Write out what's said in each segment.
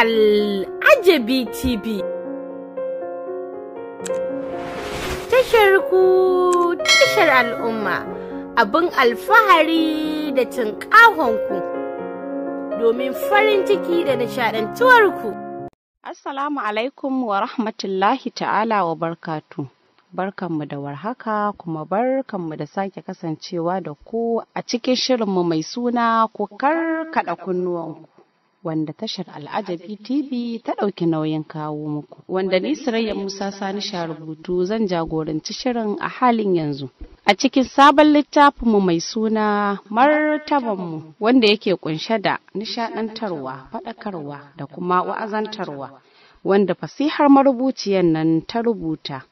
Al'ajabi TV. Tashar ku tashar al'umma abin alfahari da ku domin farin ciki da nishaɗantuwarku. Assalamu alaikum wa rahmatullahi ta'ala wa barkatu. Barkanmu da warhaka kuma barkanmu da sake kasancewa da ku a cikin shirinmu mai suna ku karkada kunnuwanku. wanda tashar al'ajabi tv ta ɗauki nauyin kawo muku wanda ni sirayya musa sani sha rubutu zan jagoranci shirin a halin yanzu a cikin sabon littafinmu mai suna martabanmu wanda yake kunshe da nishaɗantarwa, faɗakarwa da kuma wa'azantarwa wanda fasihar marubuciyar nan ta rubuta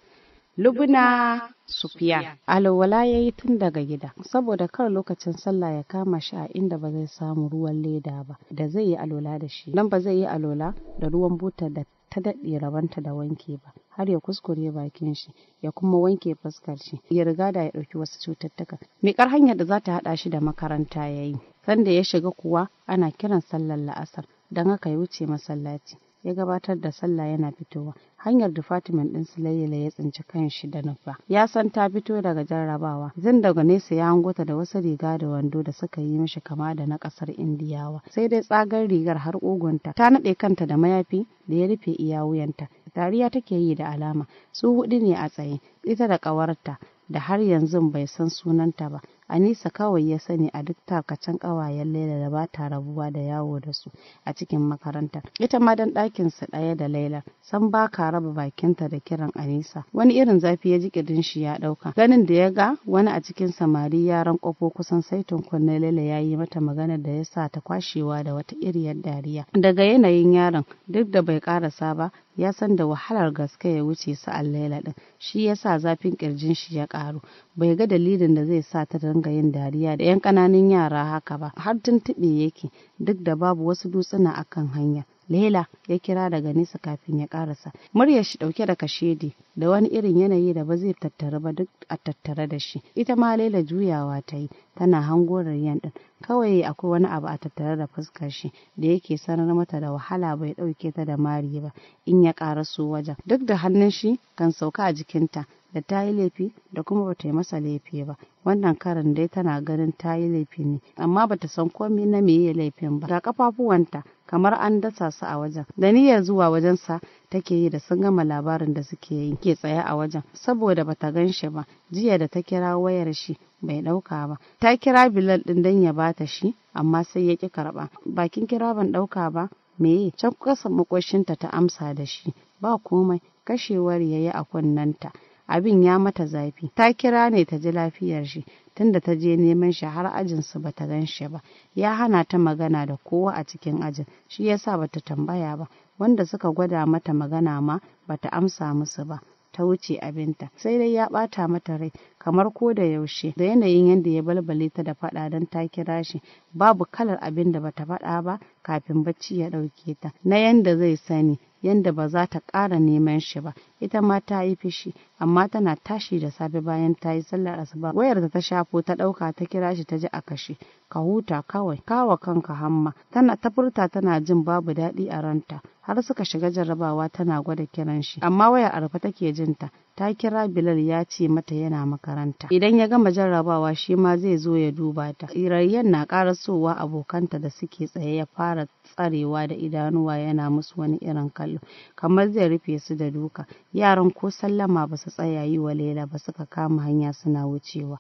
Lubuna, Sufiya. Alwala ya yi tun daga gida, saboda kar lokacin sallah ya kama shi a inda ba zai samu ruwan leda ba, da zai yi alwala da shi. Nan ba zai yi alwala da ruwan buta da ta daɗe rabanta da wanke ba har ya kuskure bakin shi ya kuma wanke fuskar shi ya riga da ya ɗauki wasu cututtuka miƙar hanyar da za ta haɗa shi da makaranta ya yi sanda ya shiga kuwa ana kiran sallar la'asar don haka ya wuce masallaci ya gabatar da sallah yana fitowa hanyar department din su ya tsinci kanshi da nufa ya san ta fito daga jarrabawa zin daga nesa ya hangota da wasu riga da wando da suka yi mishi kama da na kasar indiyawa sai dai tsagar rigar har ogonta ta naɗe kanta da mayafi da ya rufe iya wuyanta tariya take yi da alama su hudu ne a tsaye ita da ƙawarta da har yanzu bai san sunanta ba Anisa kawai ya sani a duk takacin ƙawayen Laila da ba ta rabuwa da yawo da su a cikin makarantar. Ita ma dan ɗakin su ɗaya da Laila, san ba ka raba bakinta da kiran Anisa. Wani irin zafi ya ji ƙirin shi ya ɗauka. Ganin da ya ga wani a cikin samari yaran ƙofo kusan saitin kunne Laila ya yi mata magana da ya sa ta kwashewa da wata iriyar dariya. Daga yanayin yaron duk da bai ƙarasa ba ya san da wahalar gaske ya wuce sa'an Laila ɗin. Shi ya sa zafin ƙirjin shi ya ƙaru. Bai ga dalilin da zai sa ta dinga yin dariya da yan ƙananan yara haka ba har tuntuɓe yake duk da babu wasu dutsuna akan hanya Laila ya kira daga nesa kafin ya karasa. Muryar shi dauke da kashedi da wani irin yanayi da ba zai tattara ba duk a tattare da shi. Ita ma lela juyawa ta yi tana hango yan Kawai akwai wani abu a tattare da fuskar shi da yake sanar mata da wahala bai dauke ta da mari ba in ya karaso wajen. Duk da hannun shi kan sauka a jikinta da ta yi laifi da kuma ba ta yi masa laifi ba wannan karin dai tana ganin ta yi laifi ne amma ba ta san komai na me yi laifin ba ga kafafuwanta kamar an dasa su a wajen da niyyar zuwa wajensa take yi da sun gama labarin da suke yi ke tsaye a wajen saboda bata gan shi ba jiya da ta kira wayar shi bai ɗauka ba ta kira bilal ɗin dan ya bata shi amma sai ya ƙi karɓa bakin kira ban ɗauka ba meye can kasa makoshinta ta amsa da shi ba komai kashewar yayi a kunnenta abin ya mata zafi ta kira ne ta ji lafiyar shi tunda ta je neman shi har ajin su bata gan shi ba ya hana ta magana da kowa a cikin ajin shi yasa bata tambaya ba wanda suka gwada mata magana ma bata amsa musu ba ta wuce abinta sai dai ya bata mata rai kamar ko da yaushe da yanayin yadda ya balbale ta da fada don ta kira shi babu kalar abin da bata faɗa ba kafin bacci ya ɗauke ta na yanda zai sani yanda ba za ta ƙara neman shi ba ita ma ta yi fishi amma tana tashi da safe bayan ta yi sallar asuba wayar da ta shafo ta ɗauka ta kira shi ta ji a kashe ka huta kawai kawa kanka hamma tana ta furta tana jin babu daɗi a ranta har suka shiga jarrabawa tana gwada kiran shi amma wayar arfa take jin ta Ta kira Bilal ya ce mata yana makaranta. Idan ya gama jarrabawa shi ma zai zo ya duba ta. Irayyan na karasowa abokanta da suke tsaye ya fara tsarewa da idanuwa yana musu wani irin kallo kamar zai rufe su da duka yaran ko sallama ba su tsaya yi wa Laila ba suka kama hanya suna wucewa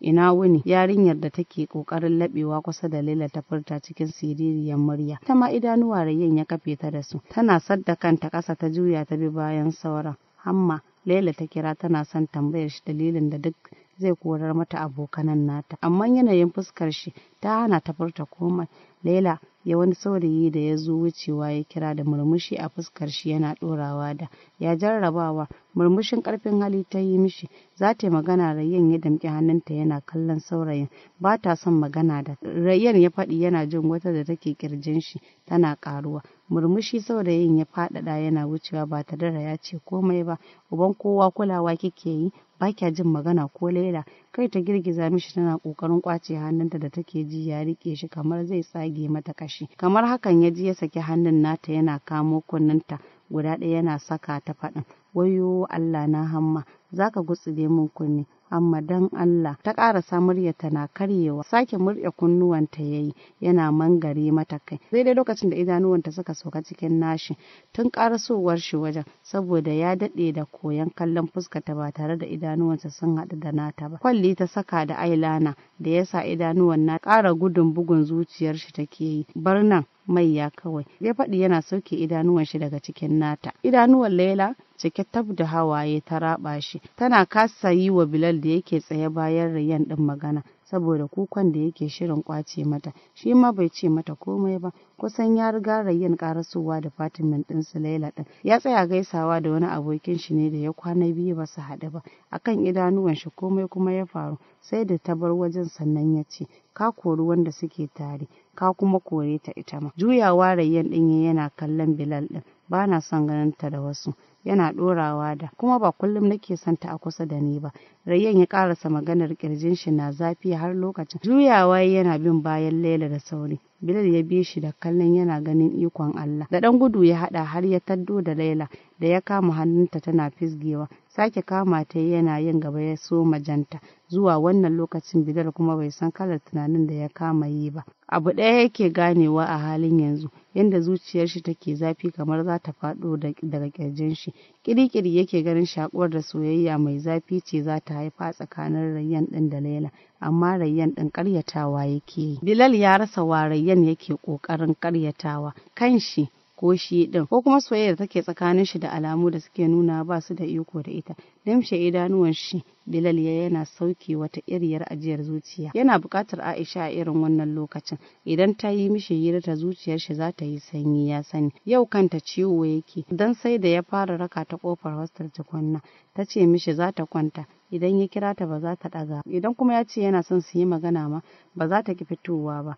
ina wuni yarinyar da take kokarin labewa kusa da Laila ta furta cikin siririyar murya ta ma idanuwa rayyan ya kafe ta da su tana sadda kanta kasa ta juya ta bi bayan sauran hamma Laila ta kira tana son tambayar shi dalilin da duk zai korar mata abokanan nata amma yanayin fuskar shi ta hana ta furta komai laila ya wani saurayi da ya zo wucewa ya kira da murmushi a fuskar shi yana ɗorawa da ya jarrabawa murmushin ƙarfin hali ta yi mishi za ta yi magana rayyan ya damƙi hannunta yana kallon saurayin ba ta son magana da rayyan ya faɗi yana jin wata da take ƙirjin shi tana ƙaruwa murmushi saurayin ya faɗaɗa yana wucewa ba ta dara ya ce komai ba uban kowa kulawa kike yi ba kya jin magana ko laila kai ta girgiza mishi tana kokarin kwace hannunta da take ji ya rike shi kamar zai tsage mata kashi kamar hakan ya ji ya saki hannun nata yana kamo kunnenta guda ɗaya yana saka ta faɗin wayo Allah na hamma zaka gutsire min kunni. amma dan Allah ta ƙara ƙarasa muryarta na karyewa sake murya kunnuwanta yayi yana mangare mata kai sai dai lokacin da idanuwanta suka sauka cikin nashi tun ƙarasowar shi wajen saboda ya daɗe da koyan kallon fuskarta ba tare da idanuwansa sun haɗu da nata ba kwalli ta saka da ailana da yasa idanuwan na ƙara gudun bugun zuciyar shi take yi barnan ya kawai ya faɗi yana sauke idanuwan shi daga cikin nata idanuwan laila cike tab da hawaye ta raba shi tana kasa yi wa bilal da yake tsaye bayan rayan din magana saboda kukan da yake shirin kwace mata shi ma bai ce mata komai ba kusan ya riga rayyan karasowa da fatimin din su laila din ya tsaya gaisawa da wani abokin shi ne da ya kwana biyu ba su haɗu ba akan idanuwan shi komai kuma ya faru sai da ta bar wajen sannan ya ce ka kori wanda suke tare ka kuma kore ta ita ma juyawa rayyan din yana kallon bilal din ba na son ganin ta da wasu yana ɗorawa da kuma ba kullum nake son ta a kusa da ni ba rayyan ya karasa maganar kirjin shi na zafi har lokacin juyawa yana bin bayan laila da sauri bilal ya bi shi da kallon yana ganin ikon allah da ɗan gudu ya haɗa har ya taddo da laila da ya kama hannunta tana fisgewa sake kama ta yana yin gaba ya so majanta zuwa wannan lokacin bilal kuma bai san kalar tunanin da ya kama yi ba abu ɗaya yake ganewa a halin yanzu yadda zuciyar shi take zafi kamar za ta faɗo daga ƙirjin shi Ƙirƙiri yake ganin shakuwar da soyayya mai zafi ce za ta haifa tsakanin rayyan ɗin da laila amma rayyan ɗin karyatawa yake yi bilal ya rasa wa rayyan yake ƙoƙarin karyatawa kan shi ko shi ɗin ko kuma soyayyar take tsakanin shi da alamu da suke nuna ba su da iko da ita limshe idanuwan shi Bilal ya yana sauke wata iriyar ajiyar zuciya. Yana bukatar Aisha a irin wannan lokacin. Idan ta yi mishi hira ta zuciyar shi za ta yi sanyi ya sani. Yau kanta ciwo yake. Dan sai da ya fara raka ta kofar hostel tukunna. Ta ce mishi za ta kwanta. Idan ya kira ta ba za ta ɗaga. Idan kuma ya ce yana son su yi magana ma ba za ta ki fitowa ba.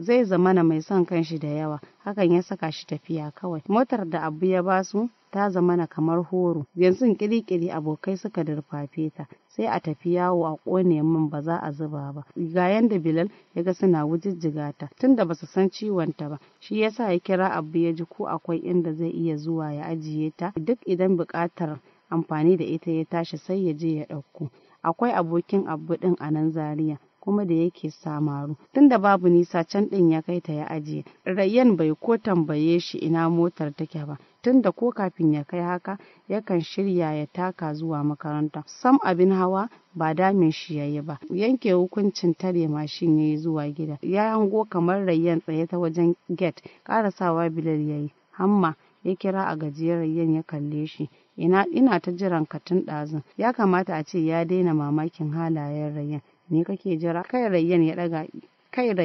Zai zamana mai son kanshi da yawa. Hakan ya saka shi tafiya kawai. Motar da Abu ya basu ta zamana kamar horo yanzu kirikiri abokai suka durfafe ta sai a tafi yawo a kone min ba za a zuba ba ga yanda bilal ya ga suna wujijjiga ta tunda su san ciwon ta ba shi yasa ya kira abu ya ji ko akwai inda zai iya zuwa ya ajiye ta duk idan buƙatar amfani da ita ya tashi sai ya je ya ɗauko akwai abokin abu ɗin a nan zaria kuma da yake samaru tunda babu nisa can ɗin ya kai ta ya ajiye rayyan bai ko tambaye shi ina motar take ba tun da ko kafin ya kai haka yakan shirya ya taka zuwa makaranta sam abin hawa ba damin shi ya yi ba yanke hukuncin tare mashin ya yi zuwa gida ya hango kamar rayyan tsaye ta wajen gate karasawa bilal yi. hamma ya kira a gajiyar rayyan ya kalle shi ina ina ta jiran ka tun ɗazun ya kamata a ce ya daina mamakin halayen rayyan ne kake jira kai rayyan ya ɗaga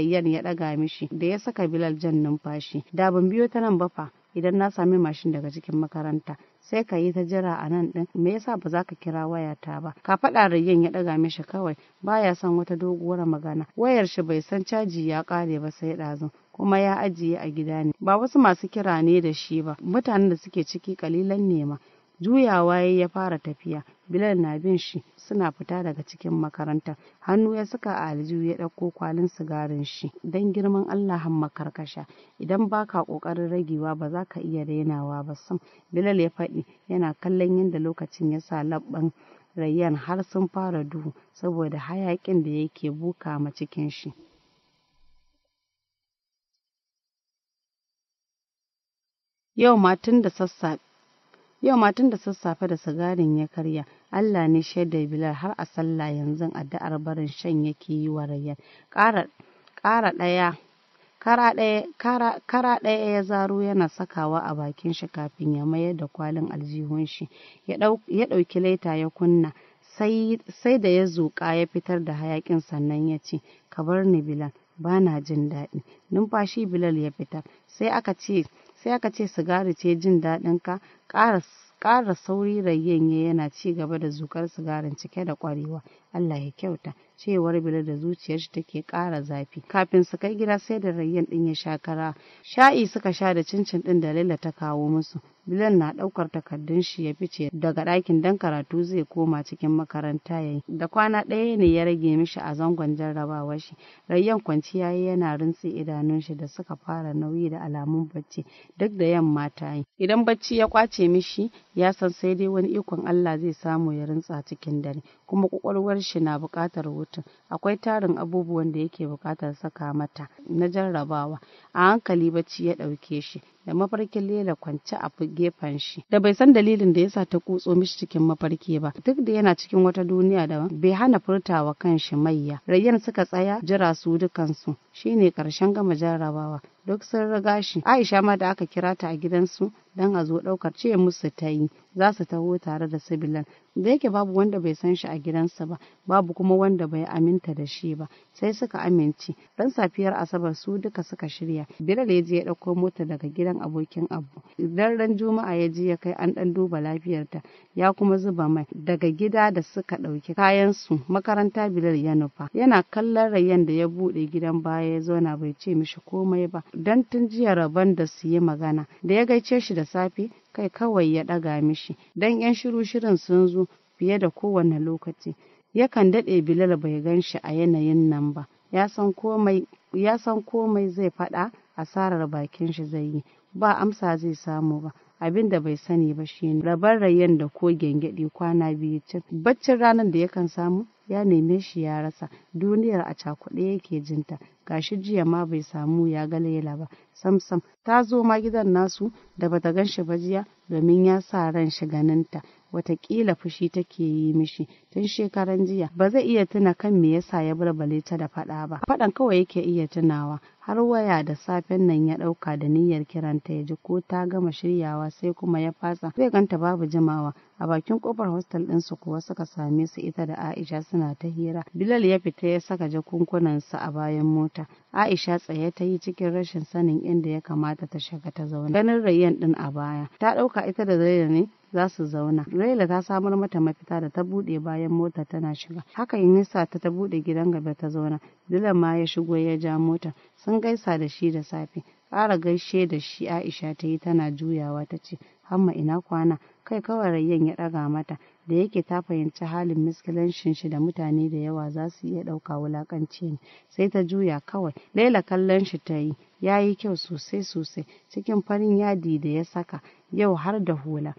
ya ɗaga mishi da ya saka bilal jan numfashi da ban biyo ta nan ba fa idan na sami mashin daga cikin makaranta sai ka yi ta jira a nan ɗin me yasa ba za ka kira wayata ba ka faɗa rayyan ya ɗaga mishi kawai baya son wata doguwar magana wayar shi bai san caji ya ƙare ba sai ɗazun kuma ya ajiye a gida ne ba wasu masu kira ne da shi ba mutanen da suke ciki ƙalilan nema. juyawa ya fara tafiya Bilal na bin shi suna fita daga cikin makaranta. Hannu ya saka a aljihu ya ɗauko kwalin sigarin shi. Don girman Allah hamma karkasha. Idan baka ƙoƙarin ragewa ba za ka iya dainawa ba sam. Bilal ya faɗi yana kallon yadda lokacin ya sa labban Rayyan har sun fara duhu saboda hayaƙin da yake buka ma cikin shi. Yau matun da sassafe da sigarin ya karya Allah ne shaidar Bilal har a sallah yanzu addu'ar barin shan yake yi wa Rayyan. Ƙara ɗaya kara ɗaya ya zaro yana sakawa a bakin shi kafin ya mayar da kwalin aljihun shi ya ɗauki laita ya kunna sai da ya zuƙa ya fitar da hayaƙin sannan ya ce ka bar ni bilal ba na jin daɗi numfashi bilal ya fita, sai aka ce sigari ce jin daɗin ka ƙara ƙara sauri Rayyan yana ci gaba da zuƙar sigarin cike da ƙwarewa. Allah ya kyauta. cewar bila da zuciyar shi take ƙara zafi kafin su kai gida sai da rayyan din ya sha kara sha'i suka sha da cincin din da Laila ta kawo musu Bilan na ɗaukar takardun shi ya fice daga ɗakin dan karatu zai koma cikin makaranta yayi. Da kwana ɗaya ne ya rage mishi a zangon jarrabawar shi. Rayyan kwanciya yana rintsi idanun shi da suka fara nauyi da alamun bacci duk da yamma ta yi. Idan bacci ya kwace mishi ya san sai dai wani ikon Allah zai samu ya rintsa cikin dare kuma kwakwalwar shi na buƙatar mutum akwai tarin abubuwan da yake buƙatar saka mata na jarrabawa a hankali bacci ya ɗauke shi da mafarkin lela kwance a gefen shi da bai san dalilin da yasa ta kutso mishi cikin mafarki ba duk da yana cikin wata duniya da bai hana furtawa kanshi maiya rayyan suka tsaya jira su dukansu shine karshen gama jarrabawa duk sun riga shi aisha ma da aka kira ta a gidansu don a zo ɗaukar ce musu ta yi za su taho tare da sibilan da yake babu wanda bai san shi a gidansa ba babu kuma wanda bai aminta da shi ba sai suka amince ran safiyar asabar su duka suka shirya bilal ya je ya ɗauko mota daga gidan abokin abu idan ran juma'a ya ji ya kai an dan duba lafiyarta ya kuma zuba mai daga gida da suka ɗauki kayan su makaranta bilal ya nufa yana kallon rayan da ya buɗe gidan baya ya zauna bai ce mishi komai ba dan tun jiya rabon da su yi magana da ya gaice shi da safe kai kawai ya ɗaga mishi dan yan shiru shirin sun zo fiye da kowane lokaci yakan daɗe bilal bai gan shi a yanayin nan ba ya san komai zai faɗa asarar bakin shi zai yi ba amsa zai samu ba abin da bai sani ba shine rabar rayan da ko gyangyaɗe kwana biyu cin baccin ranar da yakan samu ya neme shi ya rasa duniyar a cakuɗe yake jinta gashi jiya ma bai samu ya ga laila ba samsam ta zo ma gidan nasu da bata gan shi ba jiya domin ya sa ran shi ganinta watakila fushi take yi mishi tun shekaran jiya ba zai iya tuna kan me yasa ya bulbale ta da faɗa ba faɗan kawai yake iya tunawa har waya da safen nan ya ɗauka da niyyar kiranta ya ji ko ta gama shiryawa sai kuma ya fasa zai ganta babu jimawa a bakin kofar hostel ɗinsu kuwa suka same su ita da Aisha suna ta hira Bilal ya fita ya saka jakunkunansa a bayan mota Aisha tsaye ta yi cikin rashin sanin inda ya kamata ta shiga ta zauna ganin rayyan ɗin a baya ta ɗauka ita da Zaira ne za su zauna. Raila ta samar mata mafita da ta buɗe bayan mota tana shiga. Haka Yunisa ta ta buɗe gidan gaba ta zauna. dila ma ya shigo ya ja mota. sun gaisa da shi da safe ƙara gaishe da shi aisha ta yi tana juyawa ta ce hamma ina kwana kai kawai rayyan ya ɗaga mata da yake ta fahimci halin miskilancin shi da mutane da yawa za su iya ɗauka wulaƙanci ne sai ta juya kawai laila kallon shi ta yi ya yi kyau sosai sosai cikin farin yadi da ya saka yau har da hula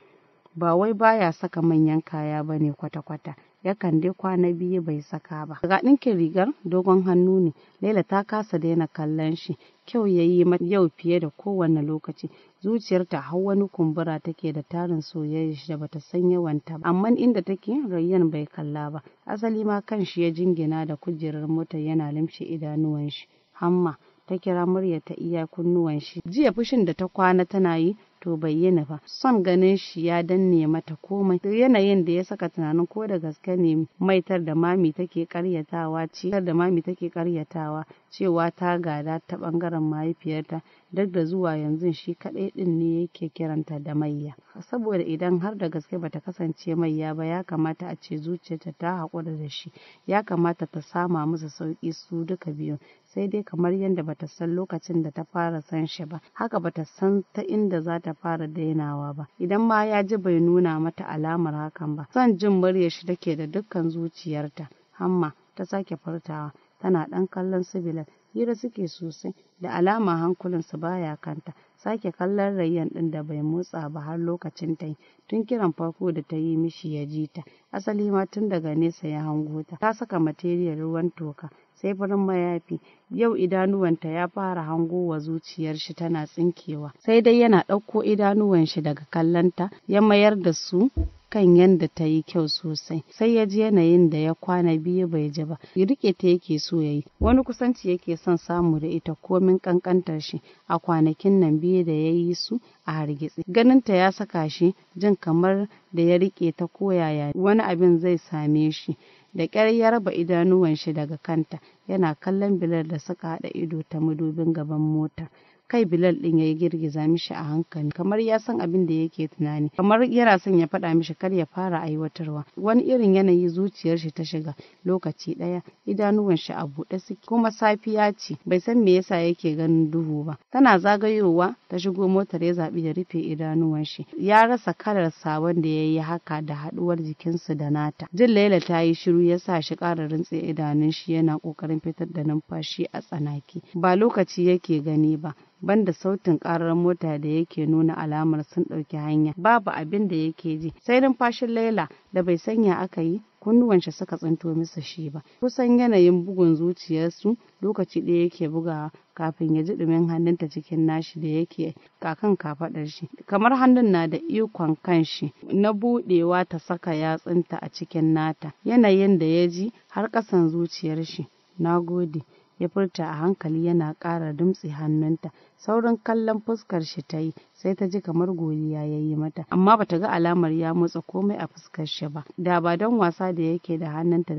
ba wai baya saka manyan kaya ba ne kwata-kwata yakan dai kwana biyu bai saka ba ga ɗinkin rigar dogon hannu ne laila ta kasa daina kallon shi kyau ya yi yau fiye da kowane lokaci zuciyarta har wani kumbura take da tarin soyayya shi da bata san yawanta ba amma inda take rayyan bai kalla ba asali ma kan shi ya jingina da kujerar mota yana limshe idanuwan shi hamma ta kira murya ta iya kunnuwan shi jiya fushin da ta kwana tana yi to bayyana ba son ganin shi ya danne mata komai yanayin da ya saka tunanin ko da gaske ne maitar da mami take karyatawa ce da mami take karyatawa cewa ta gada ta bangaren mahaifiyarta duk da zuwa yanzu shi kaɗai ɗin ne yake kiranta da mayya saboda idan har da gaske bata kasance mayya ba ya kamata a ce zuciyarta ta haƙura da shi ya kamata ta sama musu sauƙi su duka biyu sai dai kamar yadda bata san lokacin da ta fara san shi ba haka bata san ta inda za ta fara dainawa ba idan ma ya ji bai nuna mata alamar hakan ba son jin muryar shi take da dukkan zuciyarta hamma ta sake furtawa tana dan kallon sibilan hira suke sosai da alama hankulinsu baya kanta sake kallon rayyan ɗin da bai motsa ba har lokacin ta yi tun kiran farko da ta yi mishi ya ji ta asali ma tun daga nesa ya hango ta ta saka material ruwan toka sai farin mayafi yau idanuwanta ya fara hango wa zuciyar shi tana tsinkewa sai dai yana ɗauko idanuwan shi daga kallanta ya mayar da su kan yadda ta yi kyau sosai sai ya ji yanayin da ya kwana biyu bai ji ba rike ta yake so ya yi wani kusanci yake son samu da ita komin kankantar shi a kwanakin nan biyu da ya yi su a hargitsi ganinta ya saka shi jin kamar da ya rike ta koyaya wani abin zai same shi da ƙyar ya raba idanuwan shi daga kanta yana kallon Bilal da suka haɗa ido ta madubin gaban mota kai bilal din ya yi girgiza mishi a hankali kamar ya san abin da yake tunani kamar yana son ya faɗa mishi kar ya fara aiwatarwa wani irin yanayi zuciyar shi ta shiga lokaci ɗaya idanuwan shi a buɗe suke kuma safiya ce bai san me yasa yake ganin duhu ba tana zagayowa ta shigo motar ya zaɓi ya rufe idanuwan shi ya rasa kalar sabon da ya yi haka da haɗuwar jikinsu da nata jin laila ta yi shiru ya sa shi ƙara rintse idanun shi yana ƙoƙarin fitar da numfashi a tsanaki ba lokaci yake gani ba banda sautin karar mota da yake nuna alamar sun ɗauki hanya babu abin da yake ji sai numfashin laila da bai sanya aka yi kunnuwanshi suka tsinto masa shi ba kusan yanayin bugun zuciyarsu lokaci ɗaya yake bugawa kafin ya ji ɗumin hannunta cikin nashi da yake kakan kafaɗar shi kamar hannun na da ikon kanshi na buɗewa ta saka yatsunta a cikin nata yanayin da ya ji har ƙasan zuciyar shi na gode ya furta a hankali yana ƙara dumtse hannunta saurin kallon fuskar shi ta yi sai ta ji kamar godiya ya yi mata amma bata ga alamar ya motsa komai a fuskar shi ba da ba don wasa da yake da hannunta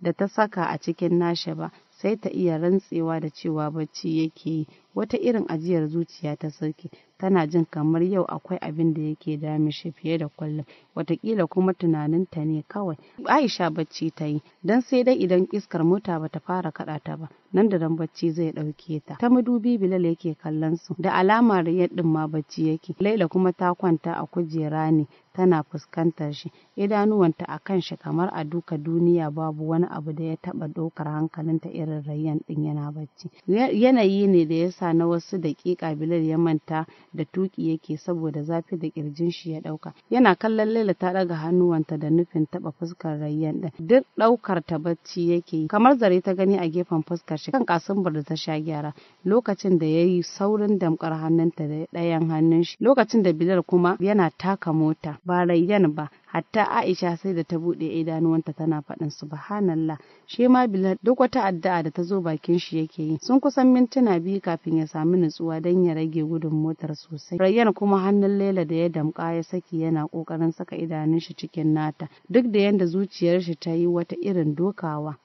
da ta saka a cikin nashi ba sai ta iya rantsewa da cewa bacci yake yi wata irin ajiyar zuciya ta sarki tana jin kamar yau akwai abin da yake dami shi fiye da kullum watakila kuma tunaninta ne kawai aisha bacci ta yi don sai dai idan iskar mota bata fara kaɗa ta ba nan da dan bacci zai ɗauke ta ta madubi bilal yake kallon su da alama riyar ɗin ma bacci yake laila kuma ta kwanta a kujera ne tana fuskantar shi idanuwanta a kan shi kamar a duka duniya babu wani abu da ya taba ɗaukar hankalinta irin rayyan ɗin yana bacci yanayi ne da ya sa sa na wasu daƙiƙa Bilal ya manta da tuki yake saboda zafi da ƙirjin shi ya ɗauka. Yana kallon Laila ta ɗaga hannuwanta da nufin taɓa fuskar Rayyan ɗin. Duk ɗaukar ta bacci yake kamar zare ta gani a gefen fuskar shi kan kasumbar da ta sha gyara lokacin da ya yi saurin damƙar hannunta da ɗayan hannun shi lokacin da Bilal kuma yana taka mota ba Rayyan ba hatta Aisha sai da ta buɗe idanuwanta tana faɗin subhanallah shi ma Bilal duk wata addu'a da ta zo bakin shi yake yi sun kusan mintuna biyu kafin ya samu nutsuwa dan ya rage gudun motar sosai Rayyan kuma hannun Laila da ya damƙa ya saki yana kokarin saka idanun shi cikin nata duk da yanda zuciyar shi ta yi wata irin dokawa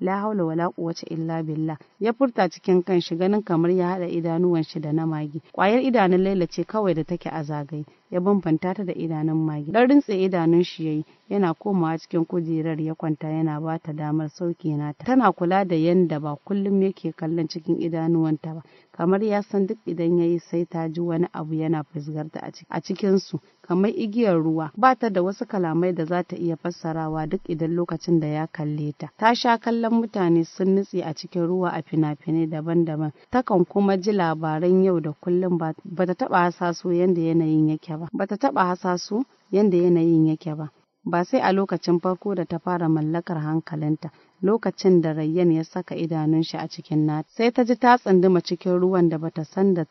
la haula wala quwwata illa billah ya furta cikin kanshi ganin kamar ya hada idanuwan shi da na magi kwayar idanun Laila ce kawai da take a zagaye ya bambanta ta da idanun magi dan rintse idanun shi yayi yana komawa cikin kujerar ya kwanta yana ba ta damar sauke na ta. tana kula da yanda ba kullum yake kallon cikin idanuwanta ba kamar ya san duk idan yayi sai ta ji wani abu yana fusgarta a cikin su kamar igiyar ruwa ba ta da wasu kalamai da za ta iya fassarawa duk idan lokacin da ya kalle ta ta sha kallon mutane sun nutse a cikin ruwa a fina-finai daban-daban takan kuma ji labaran yau da kullum ba ta taba hasaso yanda yanayin yake ba ba bata taɓa su yanda yanayin yake ba ba sai a lokacin farko da ta fara mallakar hankalinta lokacin da Rayyan ya saka idanun shi a cikin nata sai ta ji ta tsunduma cikin ruwan da bata san da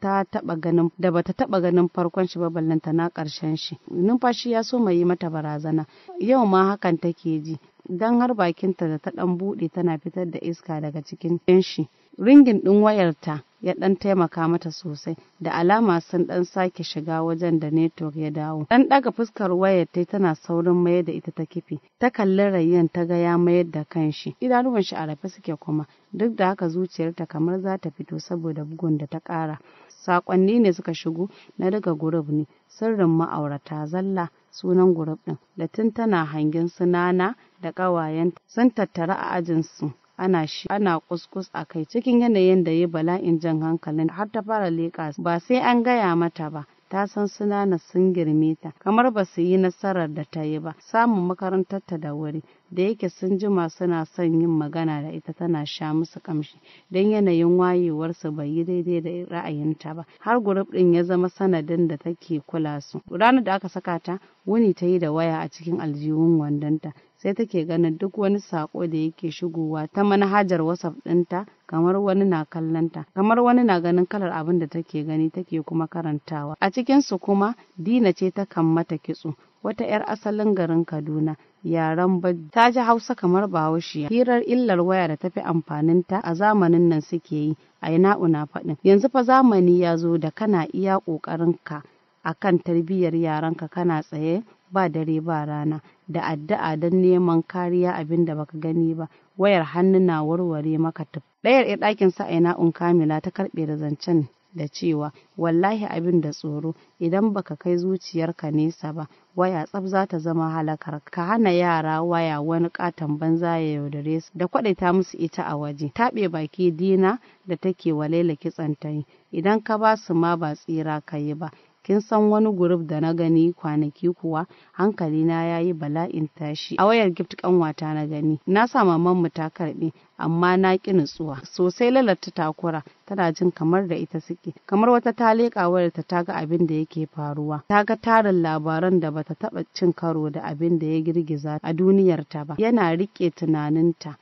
ta taba ganin da bata taba ganin farkon shi ba ballanta na karshen shi numfashi ya so mai mata barazana yau ma hakan take ji dan har bakinta da ta dan bude tana fitar da iska daga cikin shi ringin ɗin wayarta ya ɗan taimaka mata sosai da alama sun ɗan sake shiga wajen da network ya dawo ɗan ɗaga fuskar wayar ta tana saurin mayar da ita ta kifi ta kalli rayyan ta ga ya mayar da kanshi idanuwan shi a rafe suke kuma duk da haka zuciyarta kamar za ta fito saboda bugun da ta ƙara Saƙonni ne suka shigo na daga gurub ne sirrin ma'aurata zalla sunan gurub ɗin da tun tana hangen sunana da ƙawayenta sun tattara a ajinsu ana shi ana kuskus a kai cikin yanayin da ya bala'in jan hankalin har ta fara leƙa ba sai an gaya mata ba ta san sunana sun girme ta kamar ba su yi nasarar da ta yi ba samun makarantar ta da wuri da yake sun jima suna son yin magana da ita tana sha musu kamshi don yanayin wayewarsu bai yi daidai da ra'ayinta ba har gurup din ya zama sanadin da take kula su ranar da aka saka ta wuni ta yi da waya a cikin aljihun wandonta sai take ganin duk wani sako da yake shigowa ta manhajar WhatsApp ɗinta kamar wani na kallonta kamar wani na ganin kalar abin da take gani take kuma karantawa a cikin su kuma Dina ce ta kan mata kitso wata 'yar asalin garin Kaduna yaren baji. ta ji hausa kamar bahaushe hirar illar waya da tafi amfaninta a zamanin nan suke yi a ina una faɗin yanzu fa zamani ya zo da kana iya ƙoƙarinka akan tarbiyyar yaranka kana tsaye ba dare ba rana da addu'a don neman kariya abin da baka gani ba wayar hannu na warware maka tuf ɗayar ya ɗakin sa ina un kamila ta karɓe da zancen da cewa wallahi abin da tsoro idan baka kai zuciyarka nesa ba waya tsaf za ta zama halakar ka hana yara waya wani katon banza ya yaudare su da ta musu ita a waje taɓe baki dina da take walaila kitson ta yi idan ka ba su ma ba tsira ka yi ba kin san wani guruf da na gani kwanaki kuwa hankali na yayi bala'in tashi a wayar gift kanwata na gani na sa maman mu ta karbe amma na ki nutsuwa sosai lalata takura tana jin kamar da ita suke kamar wata ta leƙa wayar ta taga abin da yake faruwa ta ga tarin labaran da bata taba cin karo da abin da ya girgiza a duniyar ta ba yana rike tunaninta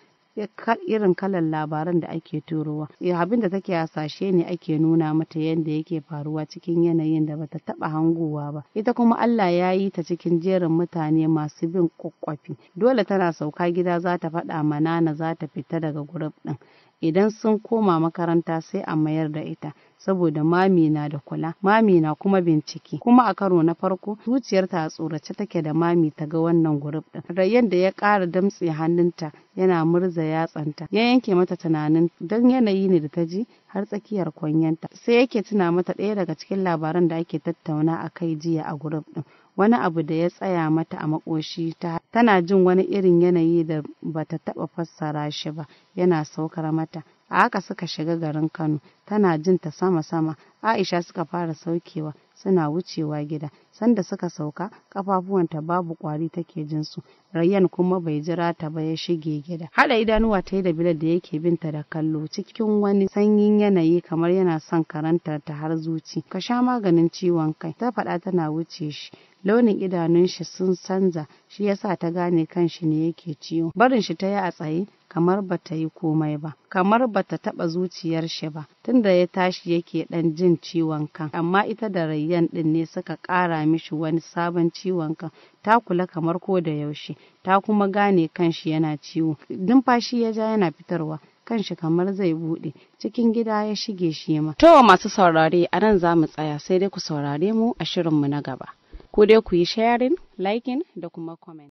irin kalan labaran da ake turowa abin da take hasashe ne ake nuna mata yadda yake faruwa cikin yanayin da bata taba hangowa ba ita kuma Allah ya yi ta cikin jerin mutane masu bin kwakwafi dole tana sauka gida za ta faɗa manana za ta fita daga guruf din. idan sun koma makaranta sai a mayar da ita saboda mami na da kula mami na kuma bincike kuma a karo na farko zuciyar ta tsorace take da mami ta ga wannan gurub din rayyan da ya ƙara damtse hannunta yana murza yatsanta ya yanke mata tunanin don yanayi ne da ta ji har tsakiyar kwanyanta sai yake tuna mata ɗaya daga cikin labaran da ake tattauna a kai jiya a gurub din wani abu da ya tsaya mata a makoshi ta tana jin wani irin yanayi da bata taba fassara shi ba yana saukar mata a haka suka shiga garin Kano tana jin ta sama sama Aisha suka fara saukewa suna wucewa gida sanda suka sauka kafafuwanta babu kwari take jin su rayyan kuma bai jira ta ba ya shige gida hada idanuwa ta yi da bilal da yake binta da kallo cikin wani sanyin yanayi kamar yana son karantar ta har zuci ka sha maganin ciwon kai ta faɗa tana wuce shi launin idanun shi sun canza shi yasa ta gane kan shi ne yake ciwo barin shi ta yi a tsaye kamar ba ta yi komai ba kamar bata taba zuciyar shi ba tunda ya tashi yake ɗan jin ciwon kan amma ita da rayyan ɗin ne suka ƙara mishi wani sabon ciwon kan ta kula kamar ko da yaushe ta kuma gane kanshi yana ciwo numfashi ya ja yana fitarwa kanshi kamar zai bude cikin gida ya shige shi ma to masu saurare a nan za mu tsaya sai dai ku saurare mu a shirin mu na gaba ku dai ku yi sharing liking da kuma comment